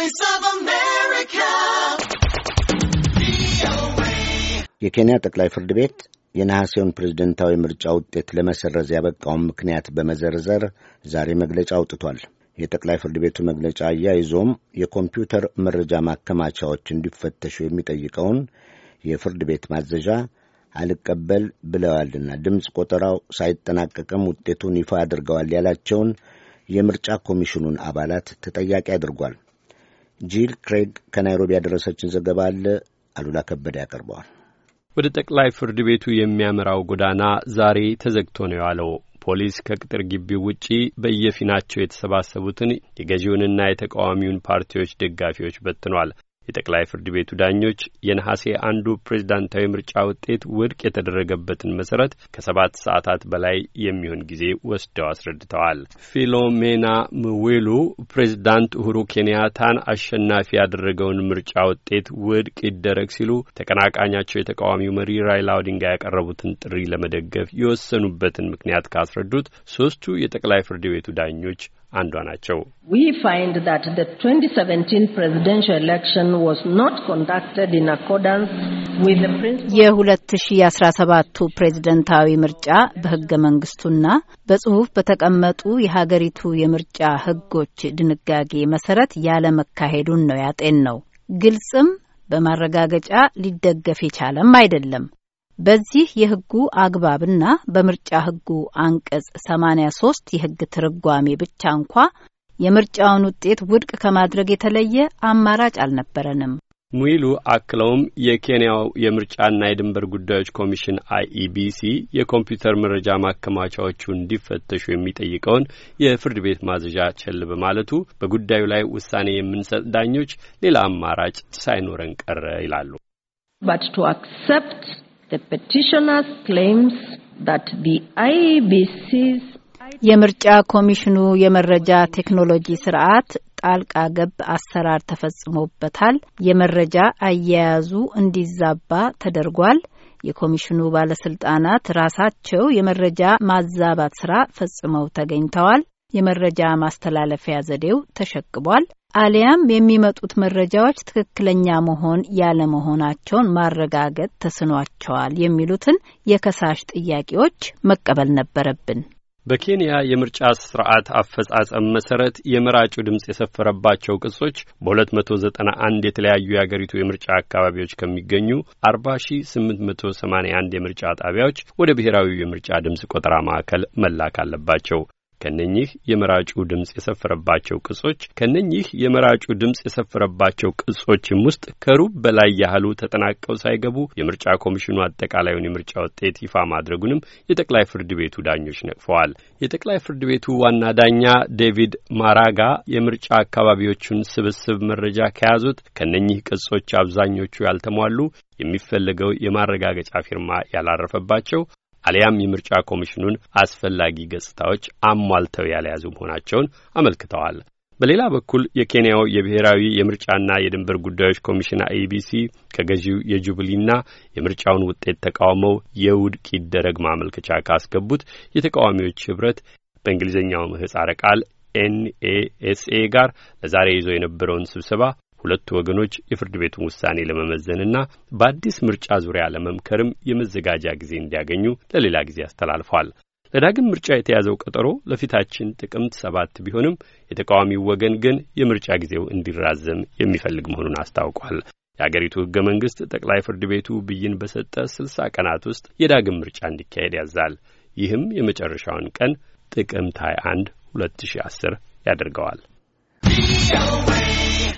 Voice of America. የኬንያ ጠቅላይ ፍርድ ቤት የነሐሴውን ፕሬዝደንታዊ ምርጫ ውጤት ለመሰረዝ ያበቃውን ምክንያት በመዘርዘር ዛሬ መግለጫ አውጥቷል። የጠቅላይ ፍርድ ቤቱ መግለጫ አያይዞም የኮምፒውተር መረጃ ማከማቻዎች እንዲፈተሹ የሚጠይቀውን የፍርድ ቤት ማዘዣ አልቀበል ብለዋልና ድምፅ ቆጠራው ሳይጠናቀቅም ውጤቱን ይፋ አድርገዋል ያላቸውን የምርጫ ኮሚሽኑን አባላት ተጠያቂ አድርጓል። ጂል ክሬግ ከናይሮቢ ያደረሰችን ዘገባ አለ አሉላ ከበደ ያቀርበዋል። ወደ ጠቅላይ ፍርድ ቤቱ የሚያመራው ጎዳና ዛሬ ተዘግቶ ነው የዋለው። ፖሊስ ከቅጥር ግቢው ውጪ በየፊናቸው የተሰባሰቡትን የገዢውንና የተቃዋሚውን ፓርቲዎች ደጋፊዎች በትኗል። የጠቅላይ ፍርድ ቤቱ ዳኞች የነሐሴ አንዱ ፕሬዝዳንታዊ ምርጫ ውጤት ውድቅ የተደረገበትን መሠረት ከሰባት ሰዓታት በላይ የሚሆን ጊዜ ወስደው አስረድተዋል። ፊሎሜና ምዌሉ ፕሬዝዳንት ኡሁሩ ኬንያታን አሸናፊ ያደረገውን ምርጫ ውጤት ውድቅ ይደረግ ሲሉ ተቀናቃኛቸው የተቃዋሚው መሪ ራይላ ኦዲንጋ ያቀረቡትን ጥሪ ለመደገፍ የወሰኑበትን ምክንያት ካስረዱት ሶስቱ የጠቅላይ ፍርድ ቤቱ ዳኞች አንዷ ናቸው። የ2017ቱ ፕሬዝደንታዊ ምርጫ በህገ መንግስቱና በጽሁፍ በተቀመጡ የሀገሪቱ የምርጫ ህጎች ድንጋጌ መሰረት ያለ መካሄዱን ነው ያጤን ነው። ግልጽም በማረጋገጫ ሊደገፍ የቻለም አይደለም። በዚህ የህጉ አግባብና በምርጫ ህጉ አንቀጽ 83 የህግ ትርጓሜ ብቻ እንኳ የምርጫውን ውጤት ውድቅ ከማድረግ የተለየ አማራጭ አልነበረንም። ሙይሉ አክለውም የኬንያው የምርጫና የድንበር ጉዳዮች ኮሚሽን አይኢቢሲ የኮምፒውተር መረጃ ማከማቻዎቹ እንዲፈተሹ የሚጠይቀውን የፍርድ ቤት ማዘዣ ቸል በማለቱ በጉዳዩ ላይ ውሳኔ የምንሰጥ ዳኞች ሌላ አማራጭ ሳይኖረን ቀረ ይላሉ። የምርጫ ኮሚሽኑ የመረጃ ቴክኖሎጂ ስርዓት ጣልቃ ገብ አሰራር ተፈጽሞበታል፣ የመረጃ አያያዙ እንዲዛባ ተደርጓል፣ የኮሚሽኑ ባለስልጣናት ራሳቸው የመረጃ ማዛባት ስራ ፈጽመው ተገኝተዋል፣ የመረጃ ማስተላለፊያ ዘዴው ተሸክቧል አሊያም የሚመጡት መረጃዎች ትክክለኛ መሆን ያለመሆናቸውን ማረጋገጥ ተስኗቸዋል የሚሉትን የከሳሽ ጥያቄዎች መቀበል ነበረብን። በኬንያ የምርጫ ስርዓት አፈጻጸም መሰረት የመራጩ ድምፅ የሰፈረባቸው ቅጾች በ291 የተለያዩ የአገሪቱ የምርጫ አካባቢዎች ከሚገኙ 40881 የምርጫ ጣቢያዎች ወደ ብሔራዊ የምርጫ ድምፅ ቆጠራ ማዕከል መላክ አለባቸው። ከነኚህ የመራጩ ድምፅ የሰፈረባቸው ቅጾች ከነኚህ የመራጩ ድምፅ የሰፈረባቸው ቅጾችም ውስጥ ከሩብ በላይ ያህሉ ተጠናቀው ሳይገቡ የምርጫ ኮሚሽኑ አጠቃላዩን የምርጫ ውጤት ይፋ ማድረጉንም የጠቅላይ ፍርድ ቤቱ ዳኞች ነቅፈዋል። የጠቅላይ ፍርድ ቤቱ ዋና ዳኛ ዴቪድ ማራጋ የምርጫ አካባቢዎቹን ስብስብ መረጃ ከያዙት ከነኚህ ቅጾች አብዛኞቹ ያልተሟሉ የሚፈለገው የማረጋገጫ ፊርማ ያላረፈባቸው አሊያም የምርጫ ኮሚሽኑን አስፈላጊ ገጽታዎች አሟልተው ያልያዙ መሆናቸውን አመልክተዋል። በሌላ በኩል የኬንያው የብሔራዊ የምርጫና የድንበር ጉዳዮች ኮሚሽን አኢቢሲ ከገዢው የጁብሊና የምርጫውን ውጤት ተቃውመው የውድቅ ይደረግ ማመልከቻ ካስገቡት የተቃዋሚዎች ህብረት በእንግሊዝኛው ምህጻረ ቃል ኤንኤኤስኤ ጋር ለዛሬ ይዞ የነበረውን ስብሰባ ሁለቱ ወገኖች የፍርድ ቤቱን ውሳኔ ለመመዘንና በአዲስ ምርጫ ዙሪያ ለመምከርም የመዘጋጃ ጊዜ እንዲያገኙ ለሌላ ጊዜ አስተላልፏል። ለዳግም ምርጫ የተያዘው ቀጠሮ ለፊታችን ጥቅምት ሰባት ቢሆንም የተቃዋሚው ወገን ግን የምርጫ ጊዜው እንዲራዘም የሚፈልግ መሆኑን አስታውቋል። የአገሪቱ ህገ መንግስት ጠቅላይ ፍርድ ቤቱ ብይን በሰጠ ስልሳ ቀናት ውስጥ የዳግም ምርጫ እንዲካሄድ ያዛል። ይህም የመጨረሻውን ቀን ጥቅምት 21 2010 ያደርገዋል።